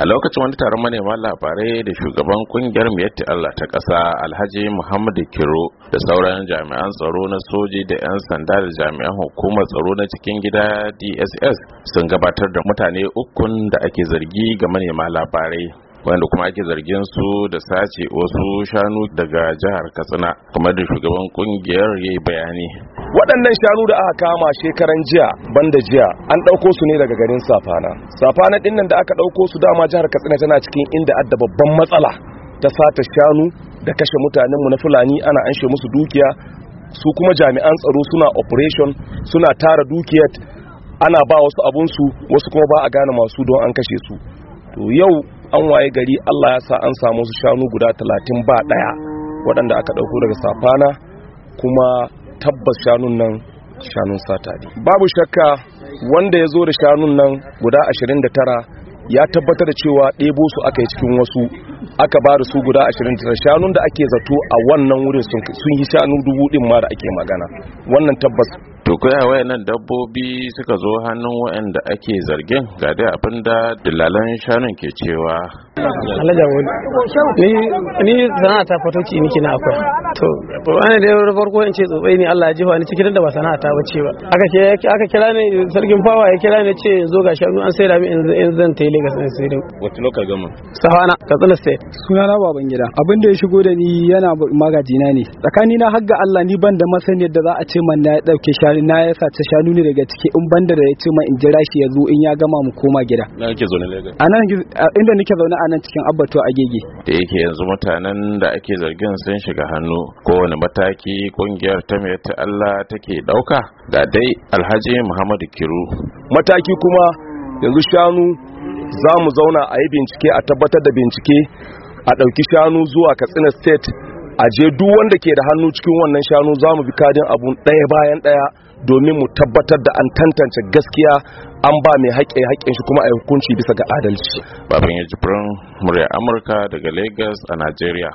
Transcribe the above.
a lokacin wani taron manema labarai da shugaban kungiyar miyatti Allah ta ƙasa alhaji muhammadu kiro da sauran jami'an tsaro na soji da 'yan sanda da jami'an hukumar tsaro na cikin gida dss sun gabatar da mutane ukun da ake zargi ga manema labarai wanda kuma ake zargin su da sace wasu shanu daga jihar katsina kuma da shugaban kungiyar ya yi bayani waɗannan shanu da aka kama shekaran jiya banda jiya an ɗauko su ne daga garin safana safana ɗinnan da aka ɗauko su dama jihar katsina tana cikin inda adda babban matsala ta sata shanu da kashe mutanen mu na fulani ana anshe musu dukiya su kuma jami'an tsaro suna operation suna tara dukiyar ana ba wasu abunsu wasu kuma ba a gane masu don an kashe su to yau an waye gari Allah ya sa an samu su shanu guda talatin ba ɗaya waɗanda aka ɗauko daga safana kuma tabbas shanun nan shanun sata ne babu shakka wanda ya zo da shanun nan guda 29 ya tabbatar da cewa ɗebo su aka yi cikin wasu aka ba da su guda 29 shanun da ake zato a wannan wurin sun yi shanu dubu ɗin ma da ake magana wannan tabbas to kuya nan dabbobi suka zo hannun waɗanda ake zargin ga dai abin da dillalan shanun ke cewa ni ni sana'a ta fotoci niki na akwai to wani da yau farko in ce tsotsai ne Allah ya jefa ni cikin da ba sana'a ta bace ba aka ce aka kira ni sarkin fawa ya kira ni ce zo ga shanu an saida min in zan tayi Lagos in saida wata local government sahana katsina sai suna na baban gida abin da ya shigo da ni yana magajina ne tsakani na har Allah ni ban da masaniyar da za a ce man na ya dauke shanu na ya sace shanu ne daga ciki in ban da ya ce man in jira shi ya zo in ya gama mu koma gida na nake zaune Lagos anan inda nake zaune anan cikin Abbatu Agege da yake yanzu mutanen da ake zargin sun shiga hannu kowane mataki kungiyar ta mai ta Allah take dauka Da dai Alhaji Muhammadu Kiru mataki kuma yanzu shanu za mu zauna a yi bincike a tabbatar da bincike a ɗauki shanu zuwa Katsina State a je duk wanda ke da hannu cikin wannan shanu za mu bi kadin abun ɗaya bayan ɗaya domin mu tabbatar da an tantance gaskiya an ba mai haƙe haƙen shi kuma a hukunci bisa ga adalci. Babin Yajibirin, murya Amurka daga Lagos a Najeriya.